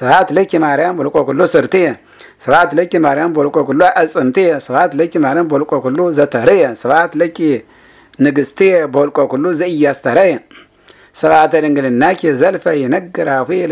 ስብሐት ለኪ ማርያም ወልቆ ኩሉ ስርትየ ስብሐት ለኪ ማርያም ወልቆ ኩሉ አጽምትየ ስብሐት ለኪ ማርያም ወልቆ ኩሉ ዘተርየ ስብሐት ለኪ ንግሥትየ በወልቆ ኩሉ ዘኢያስተረየ ስብሐተ ድንግልናኪ ዘልፈ ይነግራ አፉየ